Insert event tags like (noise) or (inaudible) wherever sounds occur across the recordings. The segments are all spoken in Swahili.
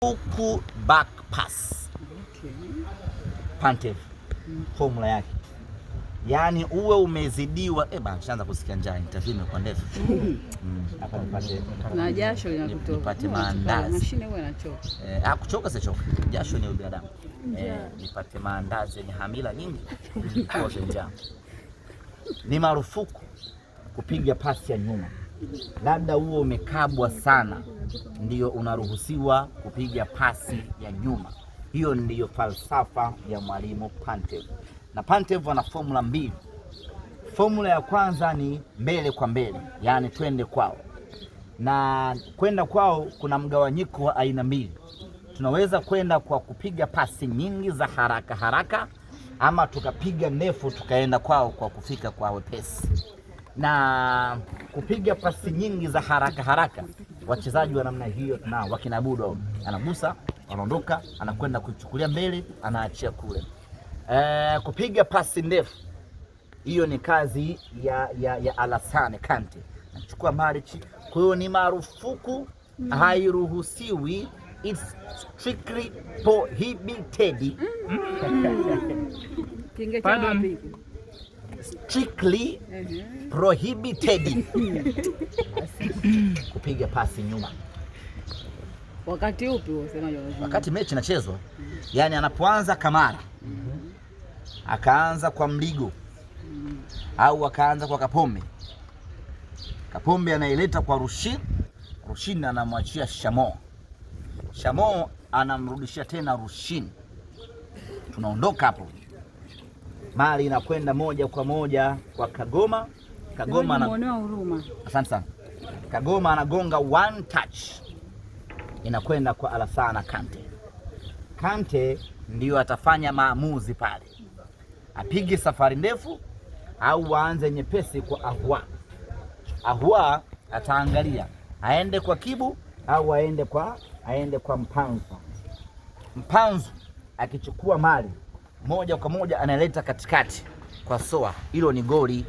Kuku back pass okay. Pantev mm. Homla yake yaani uwe umezidiwa eh, bana, shaanza kusikia njaa, interview imekuwa ndefu mm. Mm, Hapa nipate na jasho linakutoka, nipate maandazi. Mashine huwa inachoka eh, ah, kuchoka sio choka, jasho ni ubinadamu eh, nipate maandazi yenye hamila nyingi kwa njaa. Ni marufuku kupiga pasi ya nyuma labda huo umekabwa sana, ndio unaruhusiwa kupiga pasi ya nyuma. Hiyo ndiyo falsafa ya mwalimu Pantev, na Pantev ana fomula mbili. Fomula ya kwanza ni mbele kwa mbele, yaani twende kwao, na kwenda kwao kuna mgawanyiko wa aina mbili. Tunaweza kwenda kwa kupiga pasi nyingi za haraka haraka, ama tukapiga ndefu tukaenda kwao kwa kufika kwa wepesi na kupiga pasi nyingi za haraka haraka. Wachezaji wa namna hiyo na wakinabudo, anagusa anaondoka, anakwenda kuchukulia mbele, anaachia kule. E, kupiga pasi ndefu, hiyo ni kazi ya, ya, ya Alasane Kante, anachukua Marichi. Kwa hiyo ni marufuku, mm. hairuhusiwi. It's strictly prohibited. Mm. (laughs) strictly prohibited kupiga pasi nyuma. Wakati upi unasema? Wakati mechi inachezwa, yani anapoanza Kamara akaanza kwa Mligo au akaanza kwa Kapombe, Kapombe anaileta kwa Rushin, Rushin anamwachia Shamo, Shamo anamrudishia tena Rushin, tunaondoka hapo mali inakwenda moja kwa moja kwa Kagoma. Kagoma anaonewa huruma. Asante sana. Kagoma anagonga one touch inakwenda kwa Alasana Kante. Kante ndiyo atafanya maamuzi pale, apige safari ndefu au waanze nyepesi kwa Ahua. Ahua ataangalia aende kwa Kibu au aende kwa aende kwa Mpanzu. Mpanzu akichukua mali moja kwa moja analeta katikati kwa soa, hilo ni goli.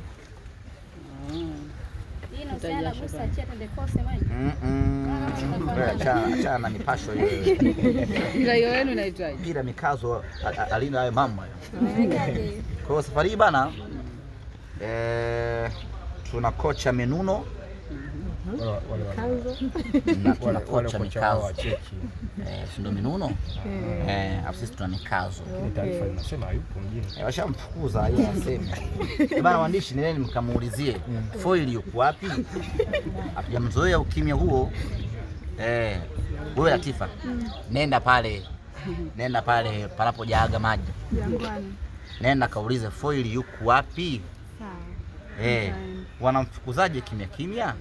Achana mipasho hiyo. mikazo alinda hayo mama. Kwa hiyo safari hii bana, eh, tuna kocha Menuno kocha mikazo eh, sindo minuno, eh. eh, afu sisi tuna mikazo. Washamfukuza aseme (laughs) bana, waandishi nendeni mkamuulizie mm. foili yuko wapi? Hatujamzoea ukimya huo. Wewe Latifa, mm. nenda pale, nenda pale panapojaaga maji, nenda kaulize foili yuko wapi? wanamfukuzaje kimya kimya?